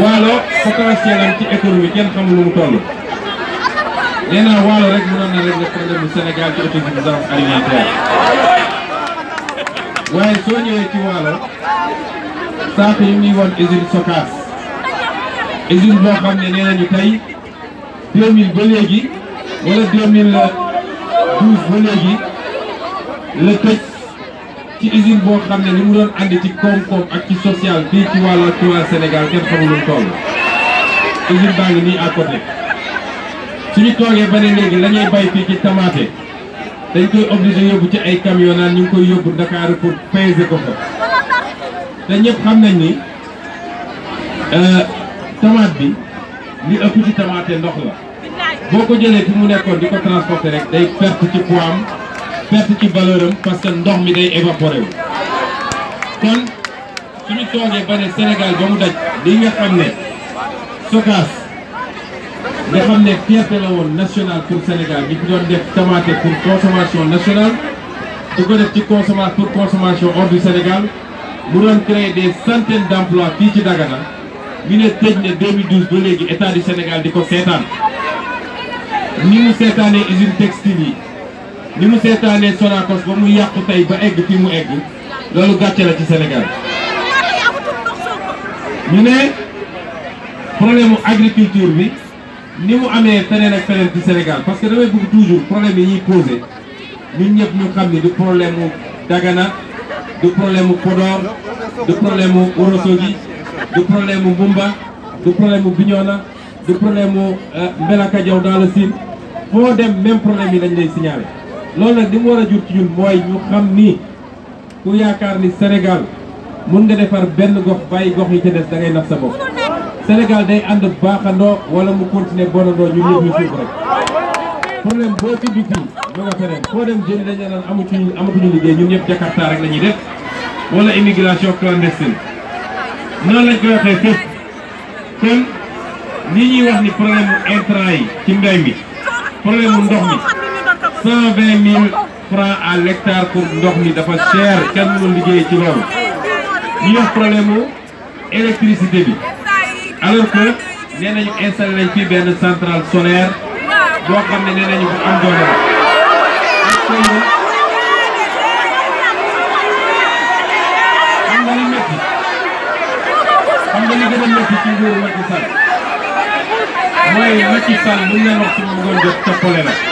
waalo potentiel am ci économie kenn xamul lu mu toll. nee naa waalo rek mënoon na régler problème bu Sénégal ci autosuffisance alimentaire waaye soo ñëwee ci waalo saako yi muy woon usine Sokaas usine boo xam ne nee nañu tey 2000 ba léegi wala 2012 ba léegi la tëj. ci usine bo xamné ne mu doon andi ci koom-koom ak ci social bi ci ci wa Sénégal kenn lu toll usine bang ni nii à côté suñu toogee ba ne léegi bay fi ci tamaté dañ koy obligé yóbbu ci ay camion naan ñu koy yóbbu Dakar pour peser ko fa te ñëpp xam nañ ni euh, tomate bi li ëpp ci tamaté ndox la boko ko jëlee fi mu nekkon diko ko transporter rek day perte ci poids perte ci valeur am ndox mi day évaporé wu. kon suñu toogee ba ne Sénégal ba mu daj li nga xam ne Sokaas nga xam ne fierté la woon nationale pour Sénégal ñu ci doon def tomate pour consommation nationale di ko def ci consommation pour consommation Sénégal mu doon créer des centaines d' fii ci Dagana ñu ne tëj ne 2012 ba léegi état du Sénégal di ko seetaan ni mu seetaanee usine textile yi. ni mu seetaanee Sonacos ba mu yàqu tey ba egg fi mu egg loolu gàcce la ci Sénégal ñu ne problème mu agriculture bi ni mu amee feneen ak feneen ci Sénégal parce que damay bëgg toujours problème yi ñuy posé ñun ñëpp ñu xam ni du problème mu Dagana du problème mu Podor du problème mu Ourossogui du problème mu Mbumba du problème mu du problème euh, Mbelaka Diaw dans le foo dem même problème yi lañ lay signalé. loolu nag li mu war a jur ci ñun mooy ñu xam ni ku yaakaar ni Sénégal mun nga defar benn gox bàyyi gox yi ca des da ngay sa bopp Sénégal day ànd baaxandoo wala mu continuer bonandoo ñun ñëpp ñu suuf rek problème boo ci dugg ma nga feneen koo dem jëli dañu naan amatuñu amatuñu liggéey ñun ñëpp Jakarta rek la ñuy def wala immigration clandestine noonu lañ koy waxee fépp kon ni ñuy wax ni problème mu intrant yi ci mbay mi problème ndox mi cent vingt mille francs à l'hectare pour ndox mi dafa cher kenn mënul liggéey ci loolu ñu problème mu bi alors que nee nañu installé nañ benn centrale solaire boo xam ne nee nañu am doole xam nga li ci nguuru Macky mooy Macky bu ñu leen wax su ma ngoon jot toppale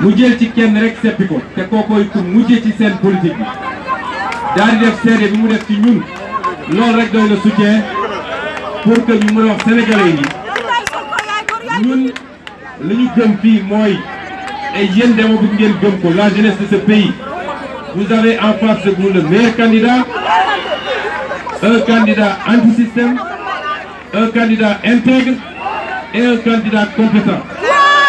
mu jël ci kenn rek seppi ko te kookooy ku mujje ci seen politique bi daal di def seede bi mu def ci ñun loolu rek doy soutien pour que ñu mën a wax sénégalais yi ñun li ñu gëm fii mooy ay yéen demo bi ngeen gëm ko la jeunesse de ce pays vous avez en face de vous le meilleur candidat un candidat anti-système un candidat intègre et un candidat compétent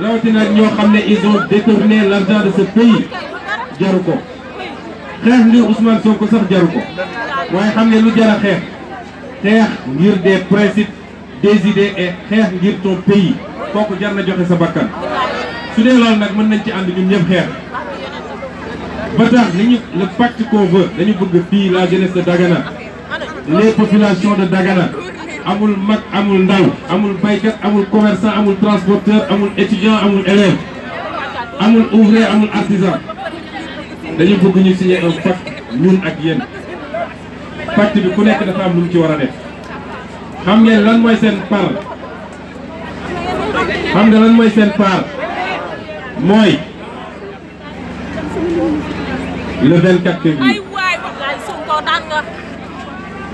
rawatina ak ñoo xam ne ils ont détourné l' argent de ce pays jaru ko xeex ngir Ousmane Sonko sax jaru ko waaye xam ne lu jar a xeex xeex ngir des principes des idées et xeex ngir ton pays kooku jar na joxe sa bakkan su dee loolu nag mën nañ ci ànd ñun ñëpp xeex ba tax li ñu le pacte qu'on dañu bëgg fii la jeunesse de Dagana les populations de Dagana amul mag amul ndaw amul baykat amul commerçant amul transporteur amul étudiant amul élève amul ouvrier amul artisan dañu bëgg ñu signer un pacte ñun ak yéen pacte bi ku nekk dafa am lu mu ci war a def xam ngeen lan mooy seen par xam nga lan mooy seen par mooy le 24 février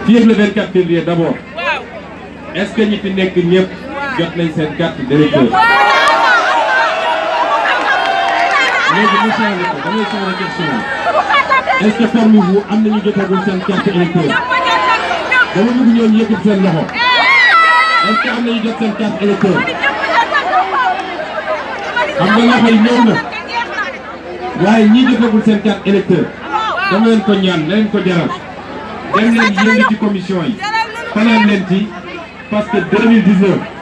fii le 24 février d'abord est-ce que ñi fi nekk jot nañ seen carte est-ce que parmi vous am nañu jotagul seen carte électeur est-ce que am nañu jot seen carte électeur ñi seen carte électeur ko ñaan ko ci commission yi parce que 2019